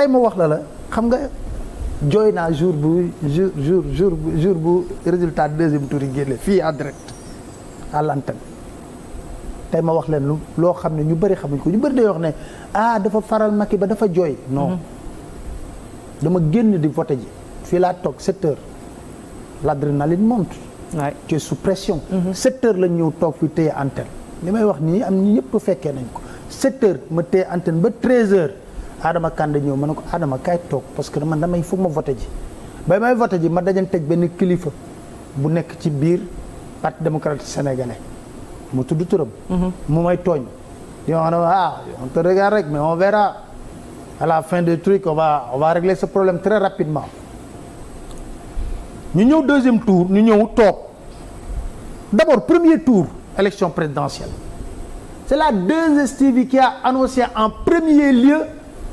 tey ma wax la la xam nga jooy naa jour bu jour jour jour jour bu résultat deuxième tour yi génne fii en direct à l'antenne tey ma wax leen lu loo xam ne ñu bëri xamuñ ko ñu bëri day wax ne ah dafa faral Macky ba dafa jooy non mm-hmm. dama génn di voté ji fii laa toog sept la na monte tu es sous pression mm-hmm. sept lañ ñëw toog fi téye antenne li may wax nii am ñi ñëpp fekkee nañ ko sept ma téye antenne ba treize heures Adama Kande ñëw ma ne ko Adama kaay toog parce que man damay foog ma voté ba may voté ma dajanteeg benn kilifa bu nekk ci biir parti démocratique sénégalais mu tudd turam. Mhm. mu may tooñ. di wax ne ah on te regarde rek mais on verra à la fin du truc on va régler ce problème très rapidement. ñu ñëw deuxième tour ñu ñëw toog d'abord premier tour élection présidentielle c'est la 2STV qui a annoncé en premier lieu.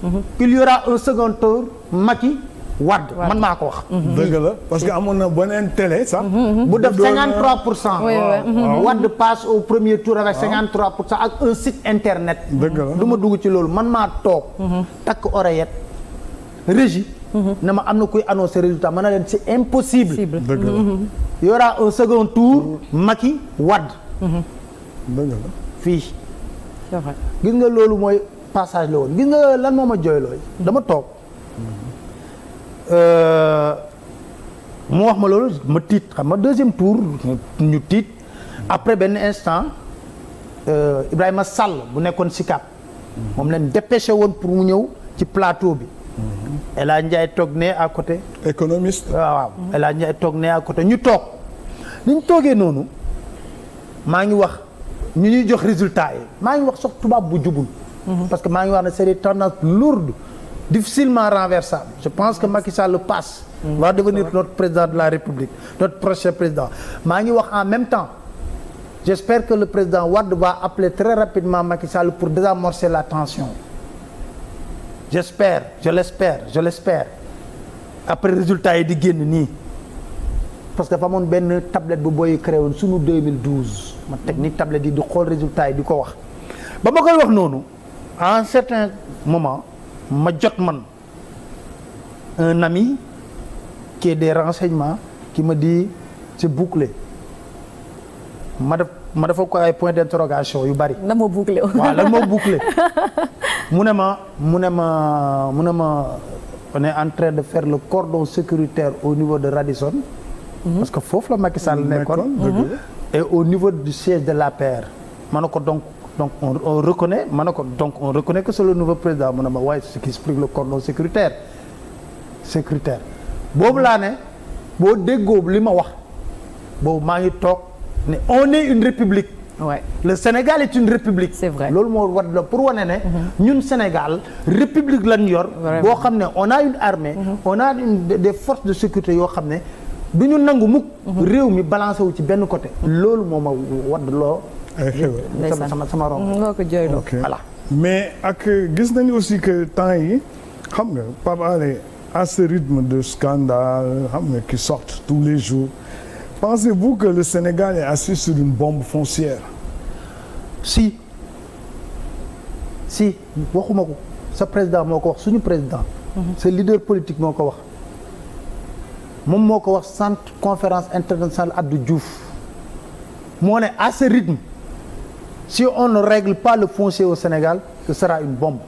Mhm. il y aura un second tour Macky Wade man maa ko wax. Mhm. dëgg la parce que amoon na beneen télé sax. bu def 53 pour cent. Mhm. Wade passe au premier tour avec 53 ah. pour cent ak un site internet. dëgg dugg ci loolu man maa toog. takk oreillette régie. na ma am na kuy annoncer résultat ma ne leen c'est impossible. dëgg un second tour Macky Wade. fii. gis nga loolu mooy. passage la woon gis nga lan moo ma jooylooy dama toog euh, mu wax ma loolu ma tiit xam nga deuxième tour ñu tiit après benn instant euh, Ibrahima Sall bu nekkoon Sicap moom leen dépêché woon pour mu ñëw ci plateau bi El Hadj Ndiaye toog ne à côté économiste waaw El Hadj toog ne à côté ñu toog ni toogee noonu maa ngi wax ñu ñuy jox résultat yi maa ngi wax sax tubaab bu jubul Mhm. parce que maa ngi wax ne c'est des tendances lourdes difficilement renversables je pense que Macky Sall le passe mhm. va devenir notre président de la République notre prochain président maa ngi wax en même temps j'espère que le président Wade va apple très rapidement Macky Sall pour désamorcer la tension j'espère je l'espère je l'espère après résultat yi di génn nii parce que dafa amoon benn tablette bu booy créé woon sunu 2012 ma teg ni tablette yi di xool résultat yi di ko wax ba à un certain moment ma jot man un ami qui a des renseignements qui me dit c'est bouclé ma def ma dafa ko ay point d'interrogation yu bari. na moo bouclé waaw lan moo bouclé mu ne ma mu ne ma mu ne ma on est en de faire le cordon sécuritaire au niveau de Radisson. Mhm. parce que foofu la Macky Sall nekkoon. et au niveau de siège de la l'APR. ma ne ko donc donc on, on reconnaît ma ne ko donc on reconnaît que solo le nouveau président mu ne ma waaye ce qui explique le cordon sécuritaire sécuritaire boobu laa ne boo déggoo li ma wax boobu maa ngi toog ne on une république Ouais. Le Sénégal est une république. C'est vrai loolu moo war la pour wane ne. Mm-hmm. ñun Sénégal république lañ yor. boo xam ne on a une armée. Mm -hmm. une des forces de sécurité yoo xam ne du ñu nangu mukk. Mm-hmm. réew mi balancé wu ci benn côté. Mm-hmm. loolu moo ma wadd loo ay xéwal sama sama rom nga ko jooyloo voilà mais ak gis nañu aussi que temps yi xam nga Pape Alé à ce rythme de scandale xam nga qui sortent tous les jours pensez-vous que le Sénégal est assis sur une bombe foncière si si waxuma ko sa président moo ko wax suñu président mhm. sa leader politique moo ko wax moom moo ko wax centre conférence internationale Abdou Diouf moo ne à ce Si on ne règle pas le foncier au Sénégal, ce sera une bombe.